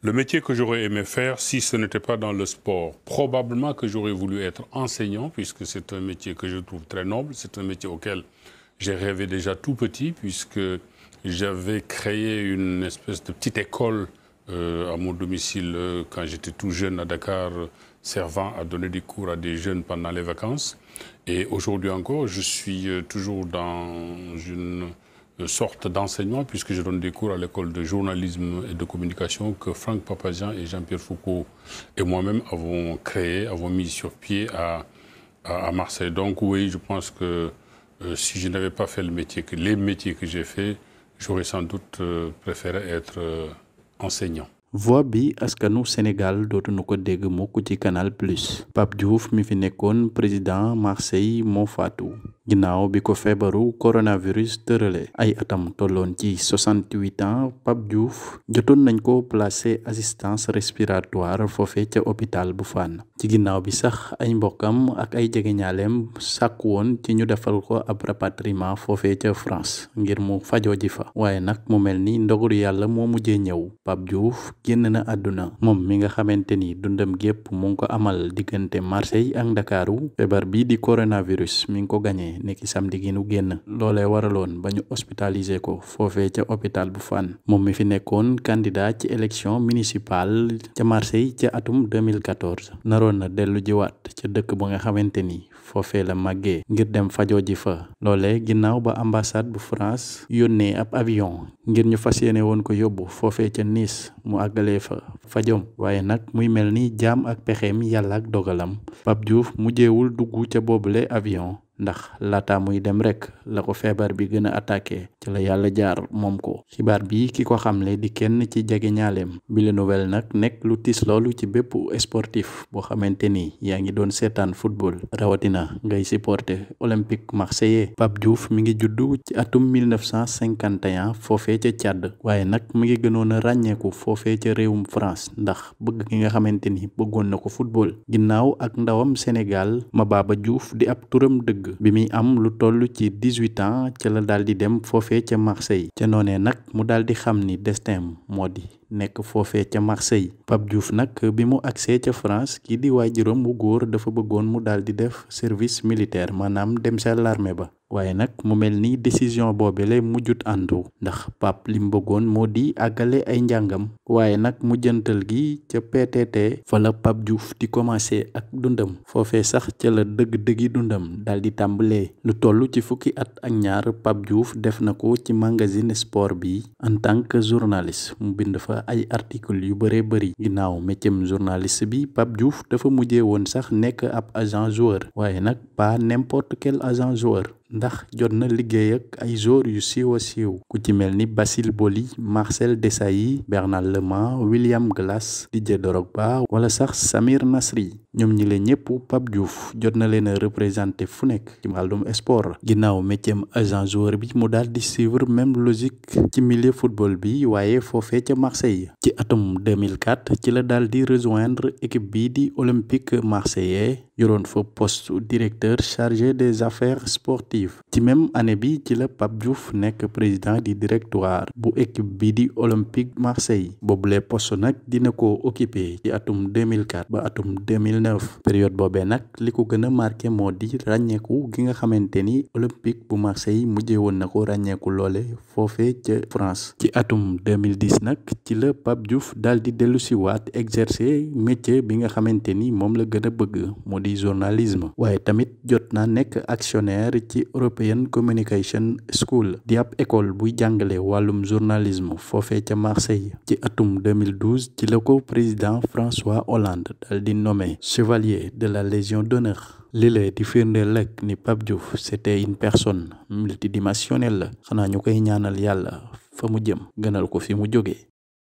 Le métier que j'aurais aimé faire si ce n'était pas dans le sport, probablement que j'aurais voulu être enseignant puisque c'est un métier que je trouve très noble, c'est un métier auquel j'ai rêvé déjà tout petit puisque j'avais créé une espèce de petite école euh, à mon domicile euh, quand j'étais tout jeune à Dakar, euh, servant à donner des cours à des jeunes pendant les vacances. Et aujourd'hui encore, je suis euh, toujours dans une sorte d'enseignement, puisque je donne des cours à l'école de journalisme et de communication que Franck Papazian et Jean-Pierre Foucault et moi-même avons créé, avons mis sur pied à, Marseille. Donc oui, je pense que euh, si je n'avais pas fait le métier que, les métiers que j'ai fait, j'aurais sans doute euh, être euh, enseignant. voix bi askanu Sénégal dootuñu ko dégg mukk ci Canal Plus Pape Diouf mi fi nekkoon président Marseille moo faatu ginnaaw bi ko feebaru coronavirus tërale ay atam tolloon ci 68 ans Pape Diouf jotoon nañ ko placer assistance respiratoire foofe ca hôpital bu Fann ci ginnaaw bi sax ay mbokkam ak ay jegeñaaleem sàkk woon ci ñu defal ko ab rapatriement foofe ca France ngir mu fajoo ji fa waaye nag mu mel ni ndogalu yàlla moo mujjee ñëw Pape Diouf génn na àdduna moom mi nga xamante ni dundam gépp mu ngi ko amal diggante Marseille ak Ndakaaru feebar bi di coronavirus mi ngi ko gañee nekki samedi gi nu génn loole waraloon ba ñu hospitalisé ko foofee ca hôpital bu Fann moom mi fi nekkoon candidat ci élection municipale ca Marseille ca atum 2014 naroon na dellu jiwaat ca dëkk bu nga xamante ni foofee la màggee ngir dem fajoo ji fa loole ginnaaw ba ambassade bu France yónnee ab avion ngir ñu fas yéene woon ko yóbbu foofee ca Nice mu àggalee fa fajom waaye nag muy mel ni jaam ak pexeem yàlla ak dogalam Pape Diouf mujjeewul dugg ca boobule avion ndax laata muy dem rek la ko feebar bi gën a attaqué ci la yàlla jaar moom ko xibaar bi ki ko xamle di kenn ci jege ñaaleem bi la nouvelle nag nekk lu tiis loolu ci bépp sportif boo xamante ni yaa ngi doon seetaan football rawatina ngay supporter olympique marseillais Pape Diouf mi ngi juddu ci atum 1951 foofee ca Tchad waaye nag mi ngi gënoon a ràññeeku foofee ca réewum France ndax bëgg ki nga xamante ni bëggoon na ko football ginnaaw ak ndawam Sénégal Mababa Diouf di ab turam dëgg bi muy am lu toll ci dix-huit ans ca la daal di dem foofee ca Marseille ca noonee nag mu daal di xam ni destin moo di nekk foofee ca Marseille Pape Diouf nag bi mu agsee ca France kii di waajuram bu góor dafa bëggoon mu daal di def service militaire maanaam dem sa l'armée ba waaye nag mu mel ni décision boobe la mujjut àndu ndax Pape li mu bëggoon moo di àggale ay njàngam waaye nag mujjantal gi ca PTT fa la Pape Diouf di commencé ak dundam foofee sax ca la dëgg-dëggi dundam daal di tàmbalee lu toll ci fukki at ak ñaar Pape Diouf def na ko ci magazine sport bi en tant que journaliste mu bind fa ay article yu bëree bëri naaw méccam journaliste bi Pape Diouf dafa mujjee woon sax nekk ab agent joueur waaye nag pas n'importe quel agent joueur ndax jot na liggéeyak ay joueurs yu siiw a siiw ku ci mel ni Basile Boli Marcel Desailly Bernard Leman William Glass Didier Drogba wala sax Samir Nasri ñoom ñi leen ñëpp Pape Diouf jot na leen a fu nekk ci wàllum sport ginnaaw métier agent joueur bi mu daal di suivre même logique ci milieu football bi waaye foofee ca Marseille ci atum 2004 ci la daal di rejoindre équipe bi di Olympique Marseillais yoroon fa poste directeur chargé des affaires sportives sportive ci même année bi ci la Pape jouf nekk président di directoire bu équipe bi di Olympique Marseille boobule poste nag dina ko occupé ci atum 2004 ba atum 2009 période boobee nag li ko gën a marqué moo di ràññeeku gi nga xamante ni Olympique bu Marseille mujjee woon na ko ràññeeku loole foofe ca France ci atum 2010 nag ci la Pape jouf dal di dellu si waat exercer métier bi nga xamante ni moom la gën a bëgg moo di journalisme waaye tamit jot naa nekk actionnaire ci European Communication School di ab école buy jàngale wàllum journalisme foofee ca Marseille ci atum 2012 ci la ko président François Hollande dal di nommé chevalier de la Légion d'honneur lile di firndeel rek ni Pape Diouf c'était une personne la xanaa ñu koy ñaanal yàlla fa mu jëm gënal ko fi mu jógee